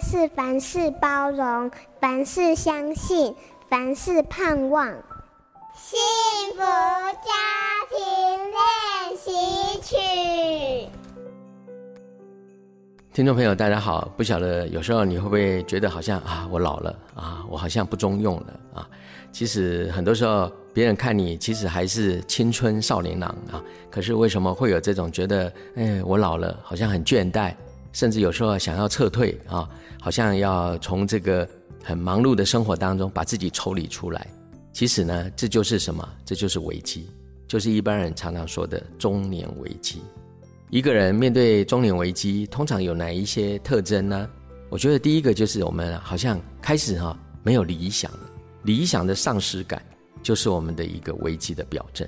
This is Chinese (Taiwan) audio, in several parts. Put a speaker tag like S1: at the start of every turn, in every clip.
S1: 是凡事包容，凡事相信，凡事盼望。幸福家庭練習曲。
S2: 聽眾朋友，大家好。不曉得有時候你會不會覺得好像啊，我老了啊，我好像不中用了啊。其實很多時候別人看你其實還是青春少年郎啊。可是為什麼會有這種覺得哎，我老了，好像很倦怠？甚至有時候想要撤退啊，好像要從這個很忙碌的生活當中把自己抽離出來。其實呢，這就是什麼？這就是危機，就是一般人常常說的中年危機。一個人面對中年危機，通常有哪一些特徵呢？我覺得第一個就是我們好像開始哈沒有理想了，理想的喪失感就是我們的一個危機的表徵。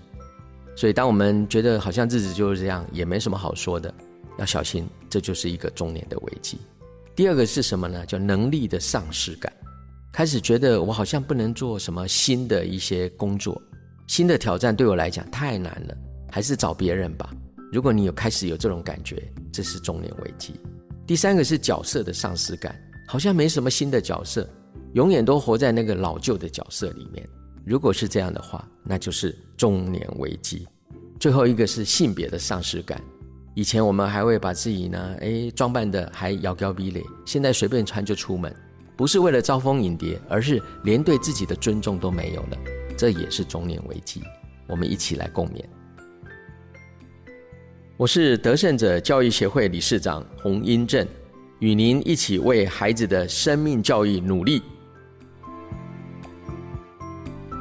S2: 所以，當我們覺得好像日子就是這樣，也沒什麼好說的。要小心，這就是一個中年的危機。第二個是什麼呢？叫能力的喪失感，開始覺得我好像不能做什麼新的一些工作，新的挑戰對我來講太難了，還是找別人吧。如果你有開始有這種感覺，這是中年危機。第三個是角色的喪失感，好像沒什麼新的角色，永遠都活在那個老舊的角色裡面。如果是這樣的話，那就是中年危機。最後一個是性別的喪失感。以前我們還會把自己呢，誒，裝扮的還妖嬌美麗，現在隨便穿就出門，不是為了招蜂引蝶，而是連對自己的尊重都沒有了，這也是中年危機。我們一起來共勉。我是得勝者教育協會理事長洪英正，與您一起為孩子的生命教育努力。